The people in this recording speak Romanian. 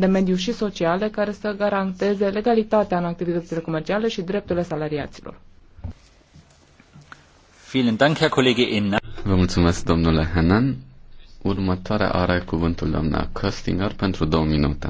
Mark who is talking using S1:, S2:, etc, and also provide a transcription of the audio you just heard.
S1: de mediu și sociale care să garanteze legalitatea în activitățile comerciale și drepturile
S2: salariaților.
S3: Vă mulțumesc,
S4: domnule Henan. Următoarea are cuvântul doamna Köstinger pentru două
S5: minute.